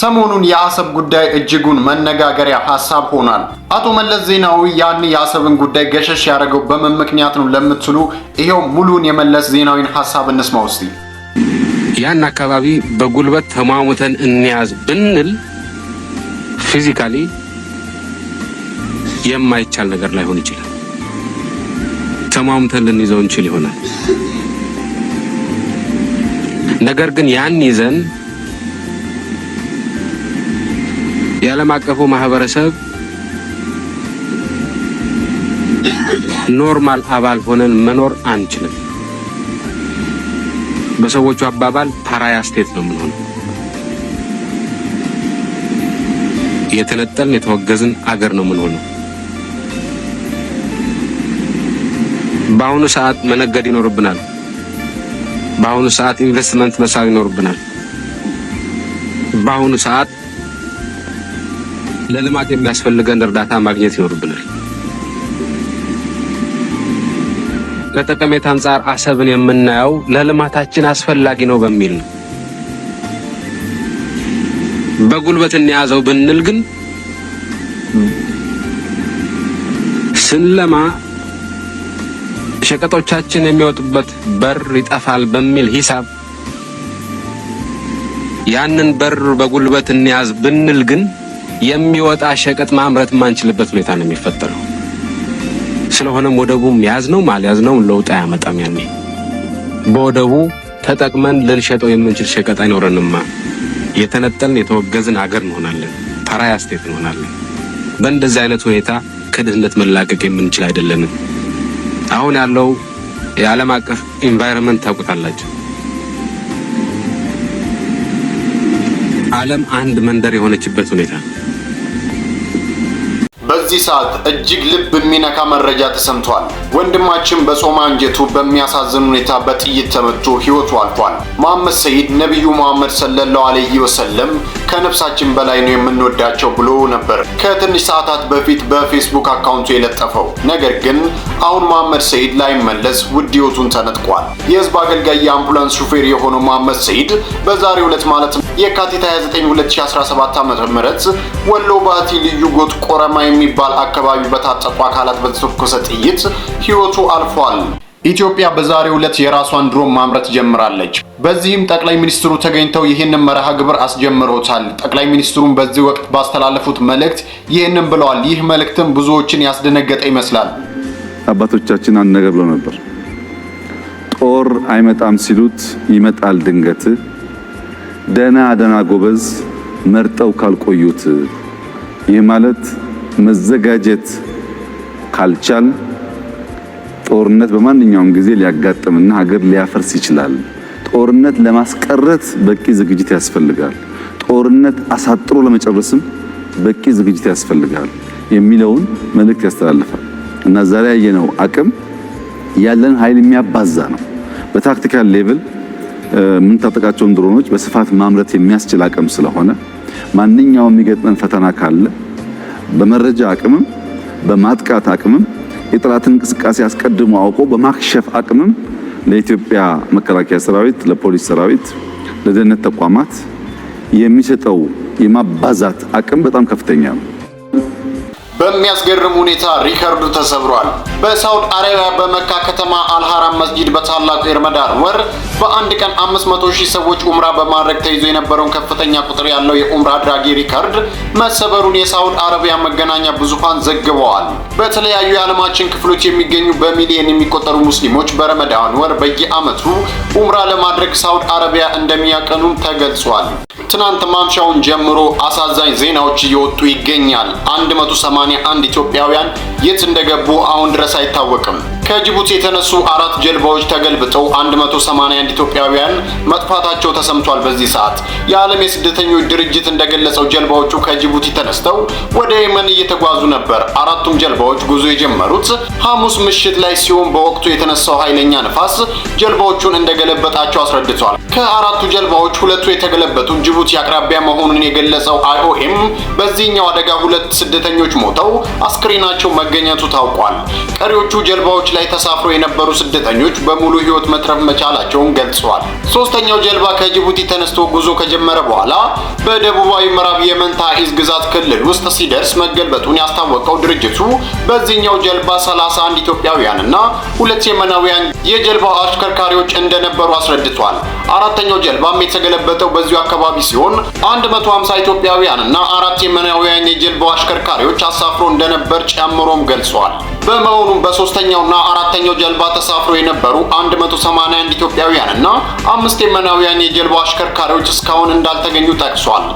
ሰሞኑን የአሰብ ጉዳይ እጅጉን መነጋገሪያ ሀሳብ ሆኗል። አቶ መለስ ዜናዊ ያን የአሰብን ጉዳይ ገሸሽ ያደረገው በምን ምክንያት ነው ለምትሉ ይኸው ሙሉን የመለስ ዜናዊን ሀሳብ እንስማው እስቲ። ያን አካባቢ በጉልበት ተሟሙተን እንያዝ ብንል ፊዚካሊ የማይቻል ነገር ላይሆን ይችላል። ተሟሙተን ልንይዘው እንችል ይሆናል። ነገር ግን ያን ይዘን የዓለም አቀፉ ማህበረሰብ ኖርማል አባል ሆነን መኖር አንችልም። በሰዎቹ አባባል ፓራያ ስቴት ነው የምንሆነው። የተነጠልን የተወገዝን አገር ነው የምንሆነው። በአሁኑ ሰዓት መነገድ ይኖርብናል። በአሁኑ ሰዓት ኢንቨስትመንት መሳብ ይኖርብናል። በአሁኑ ሰዓት ለልማት የሚያስፈልገን እርዳታ ማግኘት ይኖርብናል። ከጠቀሜታ አንጻር አሰብን የምናየው ለልማታችን አስፈላጊ ነው በሚል ነው። በጉልበት እንያዘው ብንል ግን ስንለማ ሸቀጦቻችን የሚወጡበት በር ይጠፋል በሚል ሂሳብ ያንን በር በጉልበት እንያዝ ብንል ግን የሚወጣ ሸቀጥ ማምረት የማንችልበት ሁኔታ ነው የሚፈጠረው። ስለሆነም ወደቡም ያዝነውም ነው ለውጥ አያመጣም። ያኔ በወደቡ ተጠቅመን ልንሸጠው የምንችል ሸቀጥ አይኖረንማ። የተነጠልን የተወገዝን አገር እንሆናለን። ፓራያ ስቴት እንሆናለን። በእንደዚህ አይነት ሁኔታ ከድህነት መላቀቅ የምንችል አይደለንም። አሁን ያለው የዓለም አቀፍ ኢንቫይሮንመንት ታውቁታላችሁ። ዓለም አንድ መንደር የሆነችበት ሁኔታ በዚህ ሰዓት እጅግ ልብ የሚነካ መረጃ ተሰምቷል። ወንድማችን በጾም አንጀቱ በሚያሳዝን ሁኔታ በጥይት ተመቶ ሕይወቱ አልፏል። መሐመድ ሰይድ ነቢዩ መሐመድ ሰለላሁ ዐለይሂ ወሰለም ከነፍሳችን በላይ ነው የምንወዳቸው ብሎ ነበር ከትንሽ ሰዓታት በፊት በፌስቡክ አካውንቱ የለጠፈው። ነገር ግን አሁን መሐመድ ሰይድ ላይመለስ ውድ ሕይወቱን ተነጥቋል። የህዝብ አገልጋይ የአምቡላንስ ሹፌር የሆነው መሐመድ ሰይድ በዛሬ ዕለት ማለት የካቲት 29 2017 ዓ.ም ወሎ ባቲ ልዩ ጎጥ ቆረማ የሚባል አካባቢ በታጠቁ አካላት በተተኮሰ ጥይት ህይወቱ አልፏል። ኢትዮጵያ በዛሬ ዕለት የራሷን ድሮን ማምረት ጀምራለች። በዚህም ጠቅላይ ሚኒስትሩ ተገኝተው ይህንን መርሃ ግብር አስጀምሮታል። ጠቅላይ ሚኒስትሩም በዚህ ወቅት ባስተላለፉት መልእክት ይህንን ብለዋል። ይህ መልእክትም ብዙዎችን ያስደነገጠ ይመስላል። አባቶቻችን አንድ ነገር ብለው ነበር። ጦር አይመጣም ሲሉት ይመጣል ድንገት፣ ደና ደና ጎበዝ መርጠው ካልቆዩት። ይህ ማለት መዘጋጀት ካልቻል ጦርነት በማንኛውም ጊዜ ሊያጋጥምና ሀገር ሊያፈርስ ይችላል። ጦርነት ለማስቀረት በቂ ዝግጅት ያስፈልጋል። ጦርነት አሳጥሮ ለመጨረስም በቂ ዝግጅት ያስፈልጋል የሚለውን መልእክት ያስተላልፋል። እና ዛሬ ያየነው አቅም ያለን ኃይል የሚያባዛ ነው። በታክቲካል ሌቭል የምንታጠቃቸውን ድሮኖች በስፋት ማምረት የሚያስችል አቅም ስለሆነ ማንኛውም የሚገጥመን ፈተና ካለ በመረጃ አቅምም በማጥቃት አቅምም የጠላትን እንቅስቃሴ አስቀድሞ አውቆ በማክሸፍ አቅምም ለኢትዮጵያ መከላከያ ሰራዊት፣ ለፖሊስ ሰራዊት፣ ለደህንነት ተቋማት የሚሰጠው የማባዛት አቅም በጣም ከፍተኛ ነው። በሚያስገርም ሁኔታ ሪከርዱ ተሰብሯል። በሳውዲ አረቢያ በመካ ከተማ አልሐራም መስጂድ በታላቁ የረመዳን ወር በአንድ ቀን 500 ሺህ ሰዎች ኡምራ በማድረግ ተይዞ የነበረውን ከፍተኛ ቁጥር ያለው የኡምራ አድራጊ ሪከርድ መሰበሩን የሳውዲ አረቢያ መገናኛ ብዙሃን ዘግበዋል። በተለያዩ የዓለማችን ክፍሎች የሚገኙ በሚሊዮን የሚቆጠሩ ሙስሊሞች በረመዳን ወር በየዓመቱ ኡምራ ለማድረግ ሳውዲ አረቢያ እንደሚያቀኑም ተገልጿል። ትናንት ማምሻውን ጀምሮ አሳዛኝ ዜናዎች እየወጡ ይገኛል። 180 81 ኢትዮጵያውያን የት እንደገቡ አሁን ድረስ አይታወቅም። ከጅቡቲ የተነሱ አራት ጀልባዎች ተገልብጠው 181 ኢትዮጵያውያን መጥፋታቸው ተሰምቷል። በዚህ ሰዓት የዓለም የስደተኞች ድርጅት እንደገለጸው ጀልባዎቹ ከጅቡቲ ተነስተው ወደ የመን እየተጓዙ ነበር። አራቱም ጀልባዎች ጉዞ የጀመሩት ሐሙስ ምሽት ላይ ሲሆን በወቅቱ የተነሳው ኃይለኛ ንፋስ ጀልባዎቹን እንደገለበጣቸው አስረድቷል። ከአራቱ ጀልባዎች ሁለቱ የተገለበጡ ጅቡቲ አቅራቢያ መሆኑን የገለጸው አይኦኤም በዚህኛው አደጋ ሁለት ስደተኞች ሞተው አስክሬናቸው መገኘቱ ታውቋል። ቀሪዎቹ ጀልባዎች ላይ ተሳፍረው የነበሩ ስደተኞች በሙሉ ሕይወት መትረፍ መቻላቸውን ገልጸዋል። ሶስተኛው ጀልባ ከጅቡቲ ተነስቶ ጉዞ ከጀመረ በኋላ በደቡባዊ ምዕራብ የመን ታኢዝ ግዛት ክልል ውስጥ ሲደርስ መገልበጡን ያስታወቀው ድርጅቱ በዚህኛው ጀልባ 31 ኢትዮጵያውያን እና ሁለት የመናውያን የጀልባው አሽከርካሪዎች እንደነበሩ አስረድቷል። አራተኛው ጀልባም የተገለበጠው በዚሁ አካባቢ ሲሆን 150 ኢትዮጵያውያን እና አራት የመናውያን የጀልባው አሽከርካሪዎች አሳፍሮ እንደነበር ጨምሮም ገልጿል። በመሆኑም በሶስተኛውና አራተኛው ጀልባ ተሳፍሮ የነበሩ 181 ኢትዮጵያውያን እና አምስት የመናውያን የጀልባ አሽከርካሪዎች እስካሁን እንዳልተገኙ ጠቅሷል።